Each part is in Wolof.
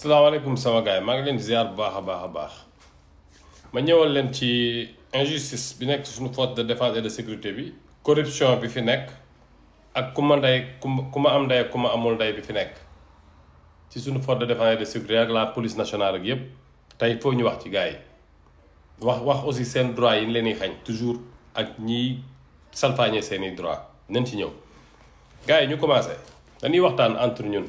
salaamaaleykum sama gars yi maa ngi leen di ziar bu baax a baax a baax ma ñëwal leen ci injustice bi nekk suñu force de défense et de sécurité bi corruption bi fi nekk ak ku ma ndey ku ma am ndey ku ma amul ndey bi fi nekk ci suñu force de défense et de sécurité ak la police nationale ak yépp tey foo ñu wax ci gars yi wax wax aussi seen droit yi leen di xañ toujours ak ñiy salfaañee seen i droit nañ ci ñëw gars yi ñu commencé dañuy waxtaan entre ñun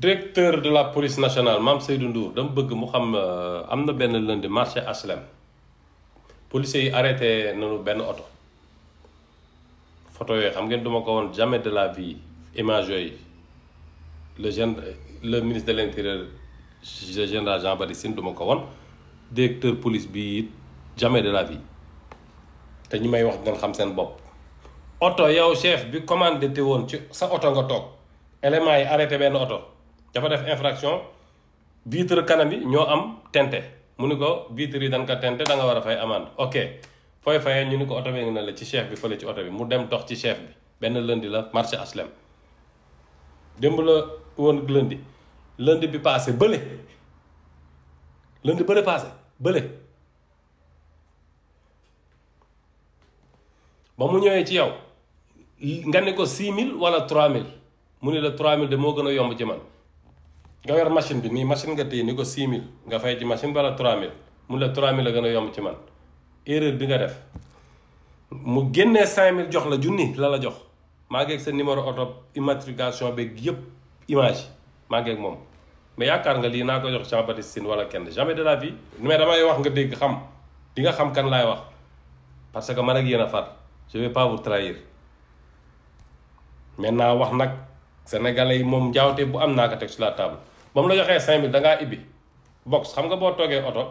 directeur de la police nationale Mam Seydoundour, je dama bëgg mu xam euh, am na benn lundi marché HLM policiers yi arrêté nañu auto. oto photo yooyu xam ngeen duma ko jamais de la vie image yooyu le le ministre de l'intérieur le général Jean-Baptiste je duma ko pas directeur police bi jamais de la vie te ñu may wax dinañ xam seen bopp oto yow chef bi commandé woon ci sa auto, nga Elle élément arrêté ben auto. dafa def infraction vitre kanam yi ñoo am tente mu ni ko vitre yi dañ ko tente da nga war a fay amende ok fooy fayee ñu ni ko oto bi ngi na la ci chef bi fële ci oto bi mu dem dox ci chef bi benn lundi la marché aslem démb la woon lundi lundi bi passé bële lundi bële passé bële ba mu ñëwee ci yow nga ne ko six mille wala trois mille mu ne la trois mille de moo gën a yomb ci man nga yor machine bi ni machine nga tey ni ko 6000 nga fay ci machine bala 3000 mu la 3000 la gëna yom ci man erreur bi nga def mu génné 5000 jox la jooni la la jox ma ngi ak sa numéro auto immatriculation beeg yépp image ma ngi ak mom mais yaakaar nga li na ko jox Jean Baptiste Tine wala kenn jamais de la vie mais dama wax nga dégg xam di nga xam kan lay wax parce que man ak yena fat je vais pas vous trahir maintenant wax nak sénégalais yi moom njaawte bu am naa ko teg si la table ba mu la joxee 5000 da ngaa ibbi box xam nga boo toogee oto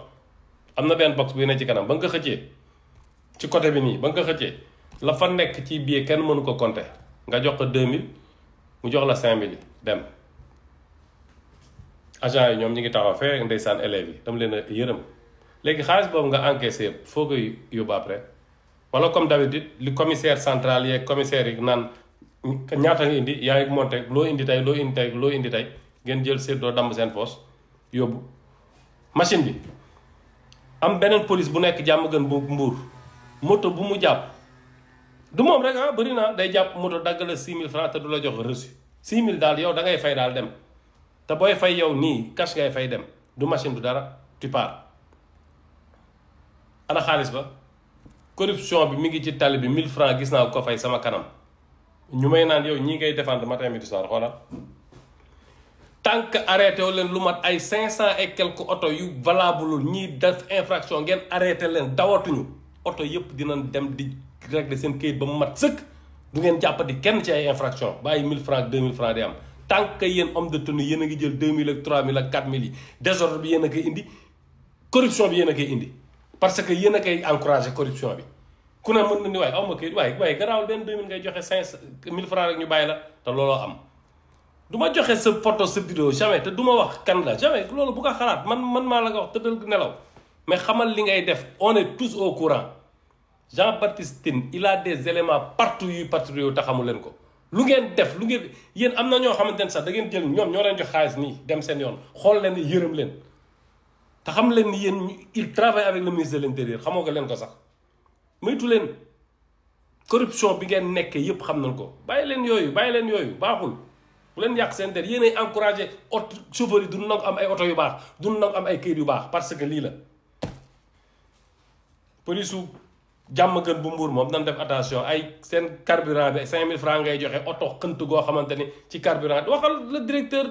am na benn box buy ne ci kanam ba nga ko xëccee ci côté bi nii ba nga ko xëccee la fa nekk ci biir kenn mënu ko compter nga jox ko 2000 mu jox la 5000 yi dem. agent yi ñoom ñu ngi taxaw fee ndeysaan élèves yi dama leen yërëm léegi xaalis boobu nga encaissé yëpp foo koy yóbbu après wala comme d'habitude li commissaire central yee commissaire yi naan ñaata nga indi yaay ak monté lo indi tay lo indi tay lo indi tay ngeen jël séddoo dam sen poos yobbu machine bi am benen police bu nek jàmm gën bu mbour moto bu mu japp du mom rek ha ah, bari na day japp moto dagal 6000 francs te du la jox reçu 6000 dal yow da ngay fay dal dem te boy fay yow ni cash ngay fay dem du machine du dara tu pars ana xaalis ba corruption bi mi ngi ci tali bi 1000 francs gis na ko fay sama kanam ñu may naan yow ñi ngay défendre matin midi soir xoolal tant que arrêté wu leen lu mat ay cinq cent et quelques oto yu valable ñiy def infraction ngeen arrêté leen dawatuñu oto yëpp dinañ dem di régler seen këyit ba mu mat sëkk du ngeen jàppati kenn ci ay infraction bàyyi 1000 francs 2000 francs day am tant que yéen homme de tenue yéen a ngi jël 2000 ak 3000 ak 4000 yi désordre bi yéen a koy indi corruption bi yéen a koy indi parce que yéen a koy encouragé corruption bi. ku ne mën na ni waaye aw ma kayit waaye waaye garaawul benn deux mille ngay joxe cinq mille francs rek ñu bàyyi la te looloo am du ma joxe sa photo sa vidéo jamais te du ma wax kan la jamais loolu bu ko xalaat man man maa la ko wax tëddal nelaw mais xamal li ngay def on est tous au courant Jean-Baptiste Tine il a des éléments partout yuy patrouiller te xamu leen ko lu ngeen def lu ngeen yéen am na ñoo xamante ne sax da ngeen jël ñoom ñoo leen jox xaalis nii dem seen yoon xool leen yërëm leen te xam leen ni yéen il travaille avec le ministre de l'intérieur xamoo ko leen ko sax moytu leen corruption bi ngeen nekkee yépp xam nañ ko bàyyi leen yooyu bàyyi leen yooyu baaxul bu leen yàq seen der yéenay encouragé oto chauffeur yi du am ay oto yu baax du nangu am ay këyit yu baax parce que lii la polisu jàmm gën bu mbuur moom nan def attention ay seen carburant bi cinq mille francs ngay joxe oto xënt goo xamante ni ci carburant waxal le directeur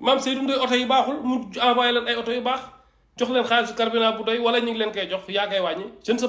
maam Seydou Ndoye oto yi baaxul mu envoyé leen ay oto yu baax jox leen xaalisu carburant bu doy wala ñu ngi leen koy jox yaa wàññi je ne sais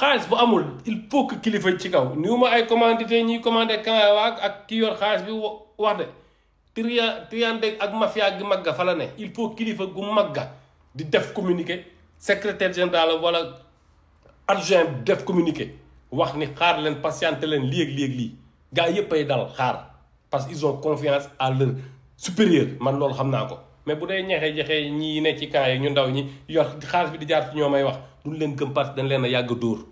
xaalis bu amul il faut que kilifa ci kaw niw ma ay commandité ñuy commandé Kanawa ak ki yor xaalis bi wax de tria triande ak mafia gi magga fa la né il faut kilifa gu magga di def communiqué secrétaire général wala adjoint def communiqué wax ni xaar len patiente len li ak li ak li gaay yépp ay dal xaar parce qu'ils ont confiance à leur supérieur man loolu xamna ko mais bu dee ñeexee-jeexee ñi ne ci camp yi ñu ndaw ñi yor xaalis bi di jaar ci ñomay wax duñ leen gëm parce dañ leen a door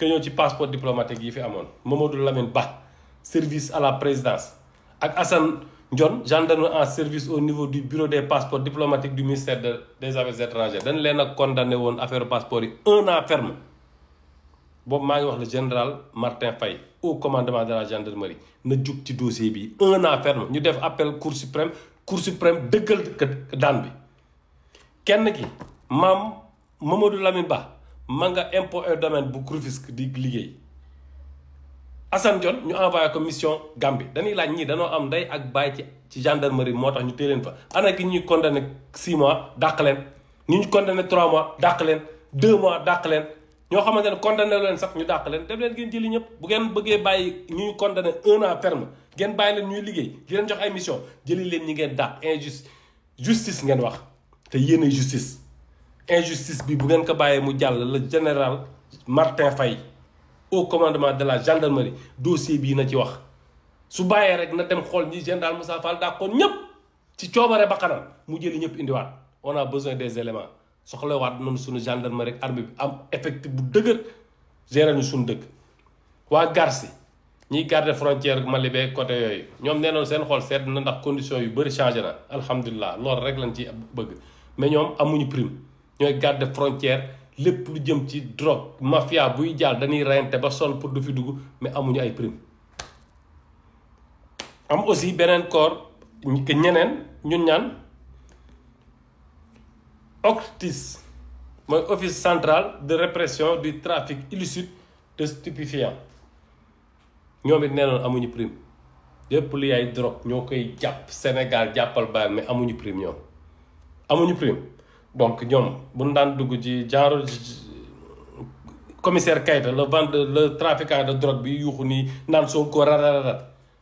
ka ñëw ci passeport diplomatique yi fi amoon Mamadou Lamine Ba service à la présidence Et Assane John, gendarme en service au niveau du bureau des passeports diplomatiques du ministère des affaires étrangères dañ leen a condamné woon affaire passeport un an ferme Je le général Martin Fay, au commandement de la gendarmerie na avons ci dossier un an ferme devons appeler appel cour suprême cour suprême dëggal daan bi kenn ce qui? Mamadou Lamine Ba. man nga impôt et domaine bu Rufisque di liggéey Assane Dione ñu envoyé ko mission Gambie dañuy laaj ñii danoo am ndey ak baay ci ci gendarmerie moo tax ñu téye leen fa ana ki ñuy condamné 6 mois dàq leen ñu ñu condamné 3 mois dàq leen 2 mois dàq leen ñoo xamante ne condamné leen sax ñu dàq leen def leen ngeen jëli ñëpp bu ngeen bëggee bàyyi ñuy condamné un an ferme ngeen bàyyi leen ñuy liggéey di leen jox ay mission jëli leen ñi ngeen dàq injustice justice ngeen wax yéen justice. injustice bi bu ngeen ko bàyyee mu jall le général Martin Fay au commandement de la gendarmerie dossier bi na ci wax su bàyyee rek na dem xol ni général Moussa Fall dàqoon ñep ci coobare bakaram mu jël ñep indi wat on a besoin des éléments wat non suñu gendarmerie rek armée bi am effectif bu dëgër géré ñu suñu deug wa garsi ñi garde frontière Mali côté yoy ñom nénon seen xol sedd na ndax condition yu bari changer na alhamdullah lool rek lañ ci bëgg mais ñoom amuñu prime ñooy garde frontière lépp lu jëm ci drogue mafia buy jàll dañuy reyante ba sonn pour du fi dugg mais amuñu ay prime am aussi beneen corps que ñeneen ñun ñaan octis mooy office central de répression du trafic illicite de stupéfiants ñoom it nee amuñu prime lépp lu yaay drogue ñoo koy jàpp Sénégal jàppal baal mais amuñu prime ñoom amuñu prime donc ñom bu daan dugg ci jaaru commissaire Kayta le vendeur le trafiquant de drogue bi yuxu yuuxu nii naan Sonko rarararat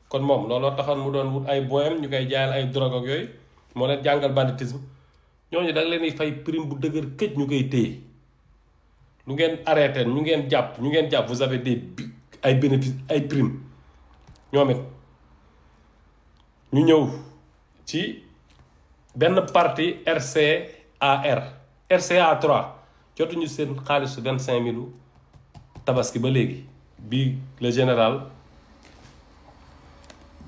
kon mom lolo taxoon mu doon wut ay boyam ñukay jaal ay drogue ak yoy mo leen jangal banditisme ñoo ñu da nga leen fay prime bu deuguer kecc ñukay koy lu ngeen arrêté ñu ngeen japp ñu ngeen japp vous avez des ay bénéfice ay prime ñoom ñu ñew ci ben parti RC AR RCA 3 jotuñu seen xaalisu vingt cinq mille tabaski ba léegi bii le général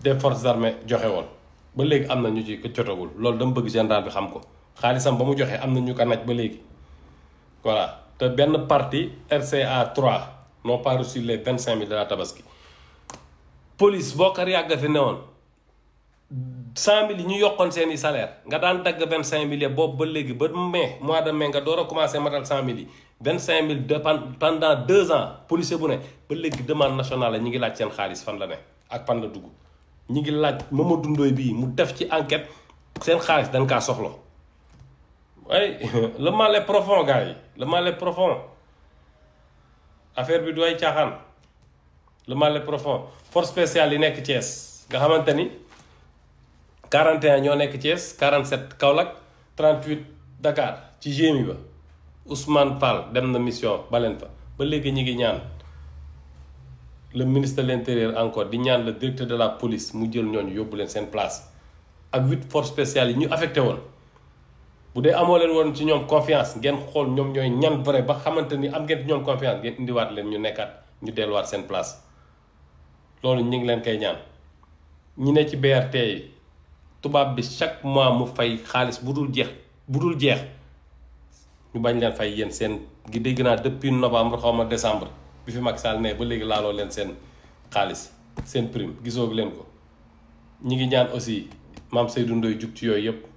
des forces armées joxe woon ba léegi am na ñu ci ko loolu dama bëgg général bi xam ko xaalisam ba mu joxee am na ñu ko naj ba léegi voilà te benn partie RCA 3 n'ont pas reçu les vingt cinq mille de la tabaski police boo ko yàgg fi woon cent mille yi ñu yokkoon seen i salaire nga daan dagg vingt cinq mille boobu ba léegi ba mai mois de mais nga door a commencé matal cent mille yi vingt cinq mille de pendant deux ans policier bu ne ba léegi demande national la ñu ngi laaj seen xaalis fan la ne ak fan la dugg ñu ngi laaj Mamadou Ndoye bii mu def ci enquête seen xaalis dañ kaa soxla waaye le mal est profond gars yi le mal profond affaire bi du ay caaxaan le mal est profond force spéciale yi nekk Thiès nga xamante ni. 41 ñoo nekk Thiès 47 Kaolack 38 Dakar ci Ousmane Fall dem mission le ministre de l'intérieur encore di le directeur de la police mu jël place ak 8 forces spéciales ñu affecté woon. bu confiance ngeen xool ñoom vrai ba ni am confiance ngeen indiwaat leen ñu ñu place loolu ñu ngi leen koy ñaan ñi ne BRT tubaab bi chaque mois mu fay xaalis bu dul jeex bu dul jeex ñu bañ leen fay yéen seen gi dégg naa depuis novembre xaw ma décembre bi fi Macky Sall ba léegi laaloo leen seen xaalis seen prime gisoo leen ko ñi ngi ñaan aussi maam Seydou Ndoye jug ci yooyu yëpp